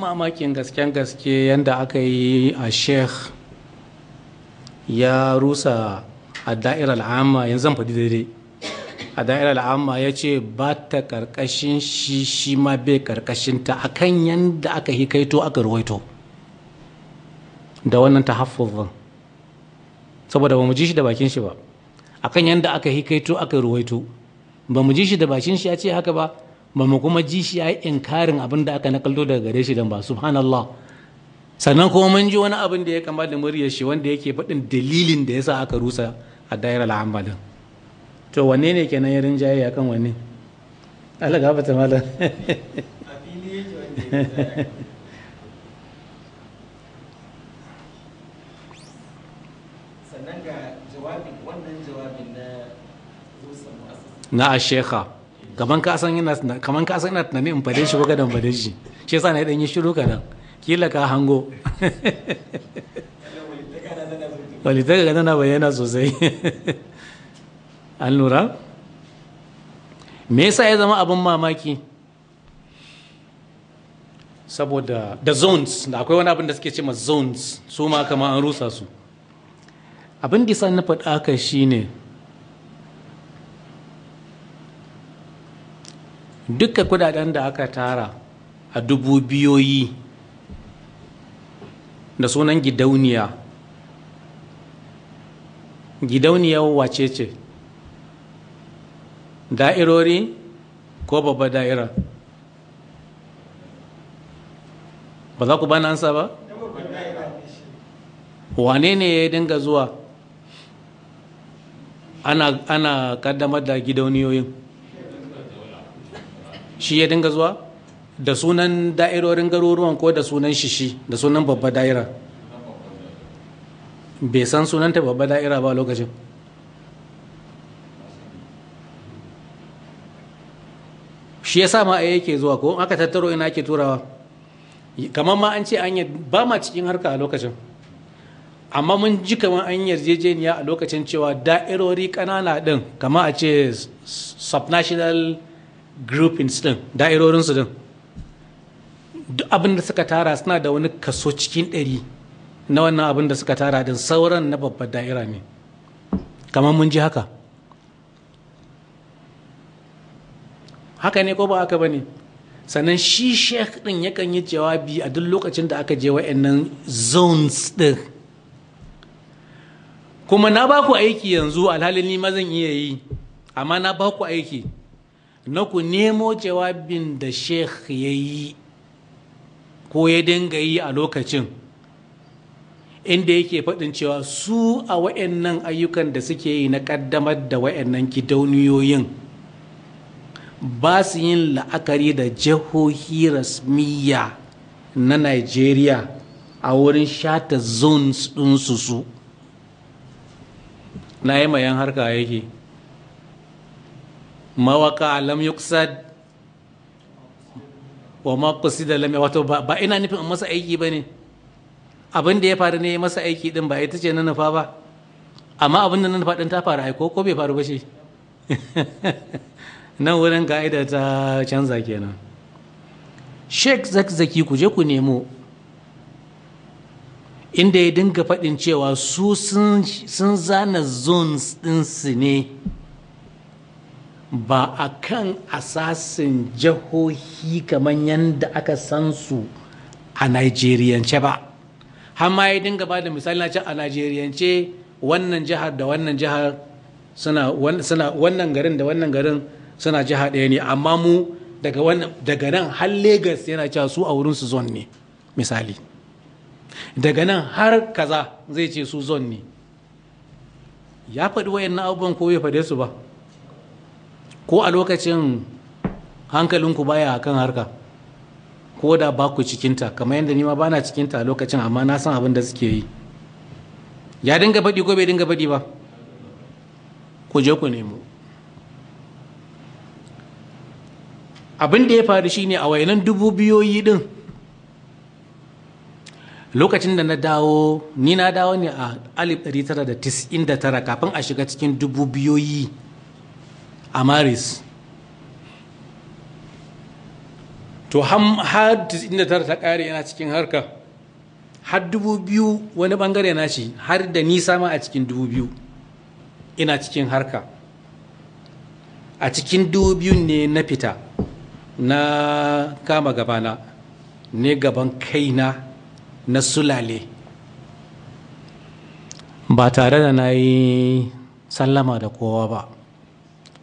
mamakin gasken gaske yadda aka yi a sheikh ya rusa a da'irar al'amma yanzu zan faɗi daidai a da'irar al'amma ya ce ba ta ƙarƙashin shi shi ma bai ƙarƙashin ta a kan yadda aka yi kaito aka ruwaito da wannan ta haffazin saboda ba mu ji shi da bakin shi ba a kan yadda aka yi kaito aka ruwaito ba mu ji shi da bakin shi ya ce haka ba ba mu kuma ji shi yayi inkarin abin da aka nakalto daga gare shi dan ba subhanallah sannan kuma mun ji wani abin da ya kama da muryar shi wanda yake faɗin dalilin da yasa aka rusa a daira al'amalin to wanne ne kenan ya rinjaye akan wanne Allah gafarta malam na a shekha kaman ka san ina kaman ka san tunanin in fade shi ko kada in fade shi shi yasa na dan yi shiru kadan kila ka hango walitaka ga tana bayyana sosai an lura me yasa ya zama abin mamaki saboda da zones da akwai wani abin da suke ce ma zones su ma kama an rusa su abin da na faɗa shi shine duka kudaden da aka tara a dubu biyoyi da sunan gidauniya gidauniyar wace ce da'irori ko babba da'ira ba za ku ba ba wane ne ya dinga zuwa ana kaddamar da gidauniyoyin shi ya dinga zuwa da sunan da'irorin garuruwan ko da sunan shishi da sunan babba da'ira bai san sunanta babba da'ira ba lokacin shi ya sa ma yake zuwa ko aka tattaro ina ake turawa kamar ma an ce an ba ma cikin harka a lokacin amma mun ji kamar an yarjejeniya a lokacin cewa da'irori ƙanana ɗin kama a ce subnational groupings din da'irorinsu din duk abin da suka tara suna da wani kaso cikin ɗari na wannan abin da suka tara din sauran na babbar da'ira ne kamar mun ji haka haka ne ko ba haka ba ne sannan shi shek din yakan yi jawabi a duk lokacin da aka je wa'annan zones din kuma na baku aiki yanzu alhalin ni ma zan iya yi amma na baku aiki na ku nemo jawabin da sheikh ya yi ko ya dinga yi a lokacin inda yake faɗin cewa su a wa'annan ayyukan da suke yi na ƙaddamar da wa'annan gidauniyoyin ba su yin la'akari da jihohi rasmiya na nigeria a wurin shata zones ɗinsu su na yi mayan harka yake mawaka lam yuksad wa ma da lam wato ba ina nufin masa aiki ba ne. abin da ya faru ne masa aiki din ba ita ce na nufa ba amma abin da na nufa din ta faru aiko ko bai faru ba shi nan wurin ka'ida ta canza kenan sheik zakzaki ku je ku nemo inda ya dinga faɗin cewa su sun zana zones ɗinsu ne ba a kan asasin jihohi kamar yadda aka san su a Najeriyance ba. Hama ya dinga ba da misali na a Najeriyance wannan jihar da wannan jihar suna wannan garin da wannan garin suna jiha ɗaya ne amma mu daga nan har Legas yana cewa su a wurin su zon ne misali. Daga nan har kaza zai ce su zon ne. Ya faɗi wayanna abubuwan ko ya faɗe su ba. ko a lokacin hankalinku baya a kan harka ko da ba ku cikinta kamar yadda nima bana cikinta a lokacin amma na san abin da suke yi ya dinga faɗi ko bai dinga faɗi ba ku je ku nemo abin da ya faru shine a wayanan dubu biyoyi din lokacin da na dawo ni na dawo ne a 1999 kafin a shiga cikin dubu biyoyi A Maris. to har 99 ta kare yana cikin harka har dubu biyu wani bangare na shi har da nisa ma a cikin dubu biyu ina cikin harka a cikin dubu biyu ne na fita na kama gabana ne gaban kaina na sulale ba tare da na yi sallama da kowa ba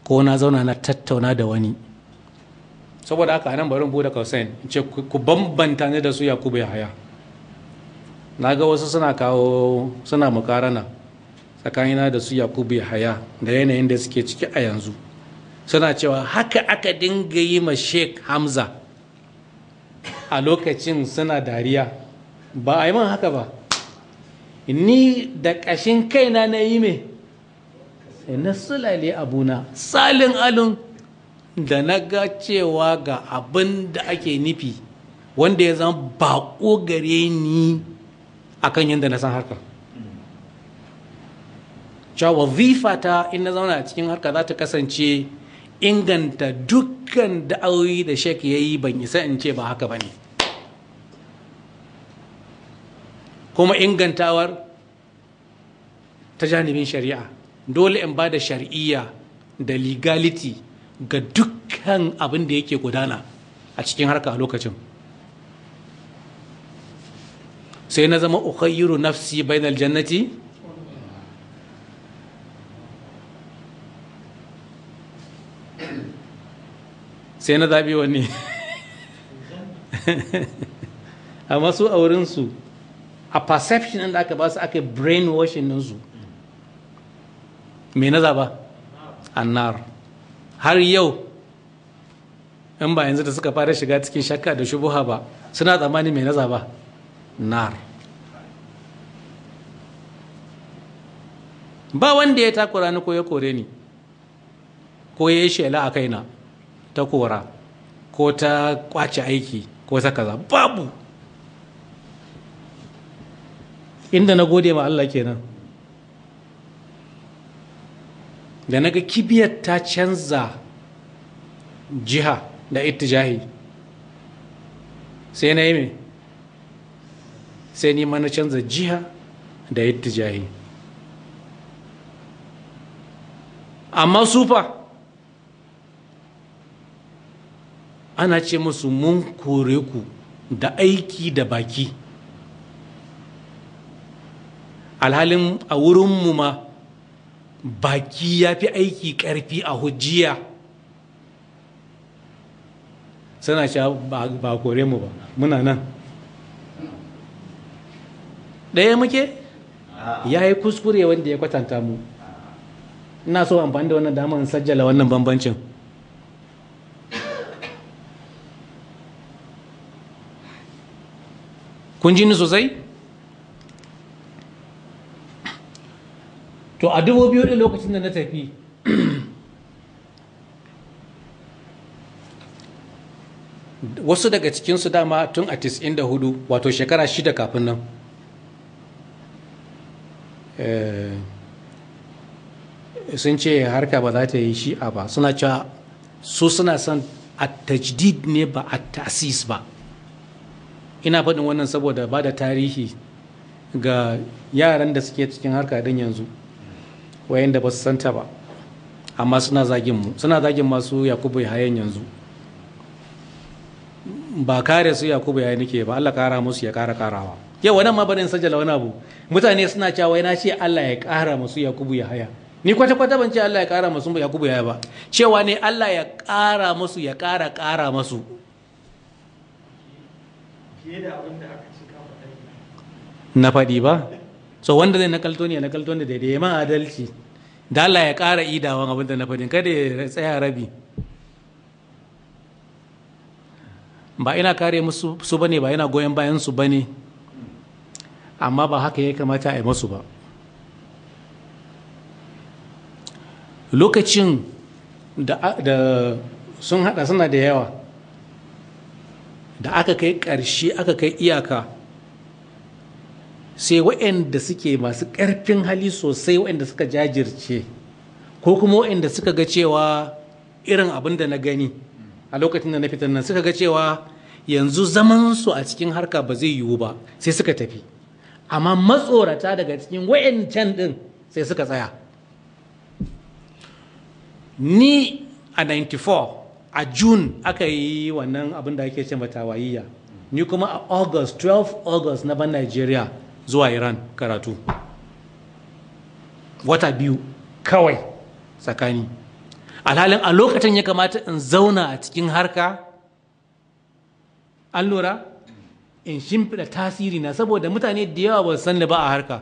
ko na zauna na tattauna da wani saboda haka nan barin buɗe kausain in ce ku bambanta ne da su yakubu haya. na ga wasu suna kawo suna mukarana tsakanina da su yakubu haya da yanayin da suke ciki a yanzu suna cewa haka aka dinga yi ma sheik hamza a lokacin suna dariya ba a yi man haka ba ni da ƙashin kaina na yi mai sai na sulale abuna salin alin da na ga cewa ga abin da ake nufi wanda ya zama baƙo gare ni a akan yadda na san harkar cewa wazifata in na zauna a cikin harka za ta kasance inganta dukkan da'awoyi da shek ya yi ban isa in ce ba haka ba ne kuma ingantawar ta janibin shari'a dole in ba da shari'iyya da legality ga dukkan abin da yake gudana a cikin harka a lokacin sai na zama ukhayyiru nafsi bainal jannati sai na zaɓi wani amma su a wurinsu a perception da aka ba su aka brainwashing ninsu me na zaba annar har yau in ba yanzu da suka fara shiga cikin shakka da shubuha ba suna tsammani mai na zaba. nar ba wanda ya takura ni ko ya kore ni ko ya yi shela a kaina ta kora ko ta kwace aiki ko ta kaza babu inda na gode ma Allah kenan da naga kibiyar ta canza jiha da ittijahi sai na yi mai sai ni mana canza jiha da ittijahi amma sufa ana ce musu mun kore ku da aiki da baki alhalin a wurinmu ma baki ya fi aiki ƙarfi a hujjiya suna sha ba kore mu ba muna nan ɗaya muke ya yi kuskure wanda ya kwatanta mu ina so amfani da wannan damar sajjala wannan bambancin kun ji ni sosai? to a dubu biyu ɗin lokacin da na tafi wasu daga cikinsu dama tun a tis'in da hudu wato shekara shida kafin nan eh, sun ce harka ba za ta yi shi a ba suna cewa su suna son a tajdid ne ba a tasis ba ina faɗin wannan saboda ba da tarihi ga yaran da suke cikin harka don yanzu da ba su santa ba amma suna zagin mu suna zagin masu yakubu ya hayan yanzu ba kare su yakubu yi nake ba Allah kara musu ya kara karawa yau wani ma barin sajala wani abu mutane suna cewa na ce Allah ya kara musu yakubu ya haya ni kwata kwata ban ce Allah ya kara musu yakubu ya haya ba cewa ne Allah ya kara musu ya kara kara musu na faɗi ba so wanda zai nakalto ne kalto ne da ya adalci da Allah ya ƙara idawan abin da na faɗin kada ya tsaya rabi ba ina kare musu su bane ba ina goyon bayan su bane amma ba haka ya kamata a yi masu ba lokacin da, sun hada suna da yawa da aka kai ƙarshe aka kai iyaka sai waɗanda suke masu ƙarfin hali sosai waɗanda suka jajirce ko kuma waɗanda suka ga cewa irin abin da na gani a lokacin da na fitar nan suka ga cewa yanzu zaman su a cikin harka ba zai yiwu ba sai suka tafi amma matsorata daga cikin wayancan ɗin sai suka tsaya ni a 94 a Jun aka yi wannan abin da ake ce matawayiyya ni kuma a august 12 august na ban nigeria zuwa iran karatu wata biyu kawai tsakani alhalin a lokacin ya kamata in zauna a cikin harka an lura in shimfiɗa tasiri na saboda mutane da yawa ba san da ba a harka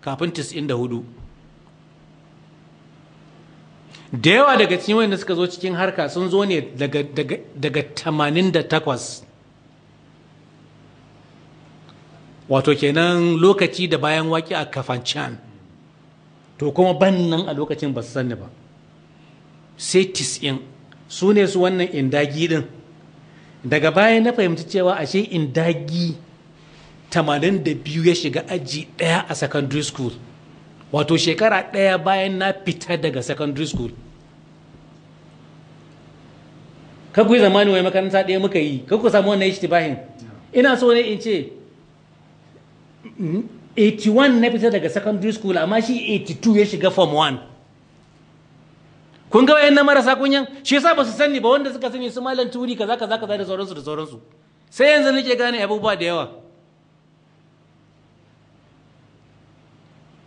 kafin 94 da yawa daga cikin wanda suka zo cikin harka sun zo ne daga 88 wato kenan lokaci da bayan waki a kafancan to kuma ban nan a lokacin ba su sani ba sai tis'in su ne su wannan indagi din daga baya na fahimci cewa ashe indagi 82 ya shiga aji ɗaya a secondary school wato shekara ɗaya bayan na fita daga secondary school kakwai zamani wai makaranta daya muka yi kakku samu wannan ishtibahin ina so ne in ce 81 na fita daga secondary school amma shi 82 ya shiga form 1 kun ga wayan na marasa kunyan shi yasa ba su sani ba wanda suka sani su malam turi kaza kaza kaza da sauransu da sauransu sai yanzu nake gane abubuwa da yawa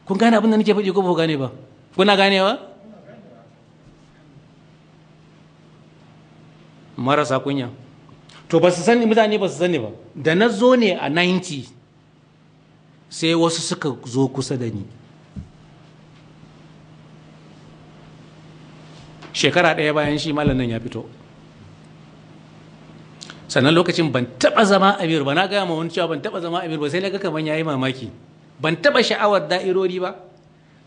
kun gane abin da nake faɗi ko ba ku gane ba kuna ganewa marasa kunya to ba su sani mutane ba su sani ba da na zo ne a 90 sai wasu suka zo kusa da ni shekara ɗaya bayan shi malam nan ya fito sannan lokacin ban taɓa zama amir ba na gaya wani cewa ban taɓa zama amir ba sai na ga kamar ya yi mamaki ban taɓa sha'awar da'irori ba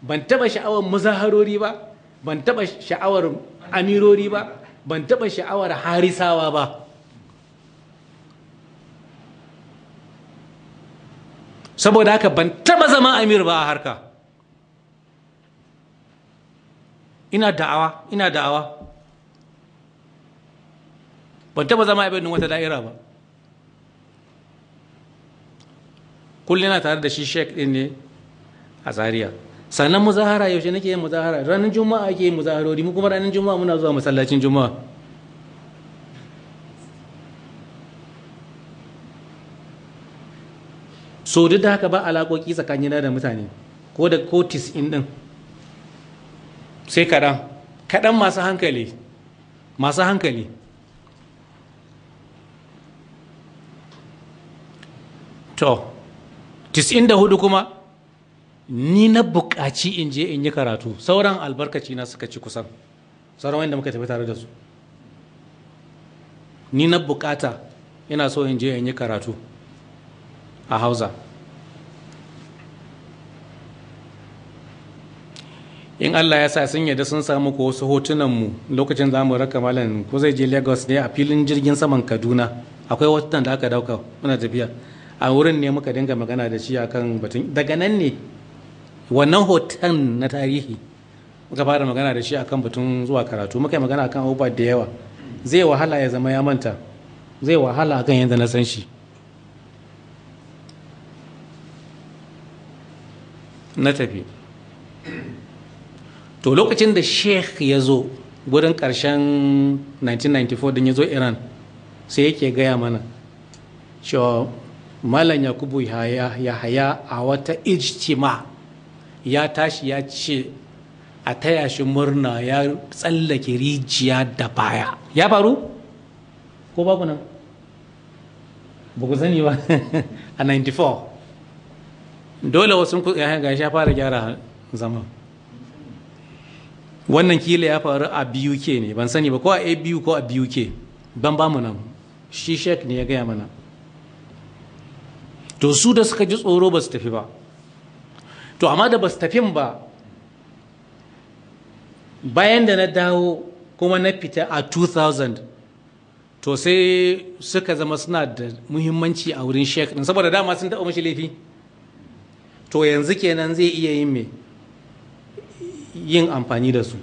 ban taɓa sha'awar muzaharori ba ban taɓa sha'awar amirori ba ban taɓa sha'awar harisawa ba saboda haka ban taba zama amir ba a harka ina da'awa ina da'awa ban taba zama a wata da'ira ba kullum yana tare da shi sheik din ne a zaria sannan muzahara yaushe nake yin muzahara ranar juma'a ake yin muzaharori mu kuma ranar juma'a muna zuwa masallacin juma'a so duk da haka ba alaƙoƙi tsakanin da mutane ko da ko in ɗin sai kaɗan kaɗan masu hankali masu hankali to da hudu kuma ni na buƙaci in je in yi karatu sauran albarkaci na suka ci kusan sauran wanda muka tafi tare da su ni na buƙata ina so in je in yi karatu a hausa in allah ya sa sun yadda sun samu ko wasu hotunanmu lokacin za mu raka malam ko zai je lagos ne a filin jirgin saman kaduna akwai hotunan da aka dauka muna tafiya a wurin ne muka dinga magana da shi akan batun daga nan ne wannan hoton na tarihi muka fara magana da shi akan batun zuwa karatu muka yi magana akan abubuwa da yawa zai wahala ya zama ya manta zai wahala akan yadda na san shi na tafi to lokacin da sheikh ya zo gudun ƙarshen 1994 din ya zo iran sai yake gaya mana cewa malam yakubu ya haya a wata ijtima ya tashi ya ce a taya shi murna ya tsallake rijiya da baya ya faru ko babu nan ba ku sani ba a 94 dole wasu ya eh, ga ya fara gyara zama wannan kila ya faru a BUK ne ban sani ba ko a biyu ko a ke ban ba mu nan shi shek ne ya gaya mana to su da suka ji tsoro ba su tafi ba to amma da ba su tafin ba bayan da na dawo kuma na fita a 2000 to sai suka zama suna da muhimmanci a wurin shek saboda dama sun taɓa mashi laifi to yanzu kenan zai iya yin yin amfani da su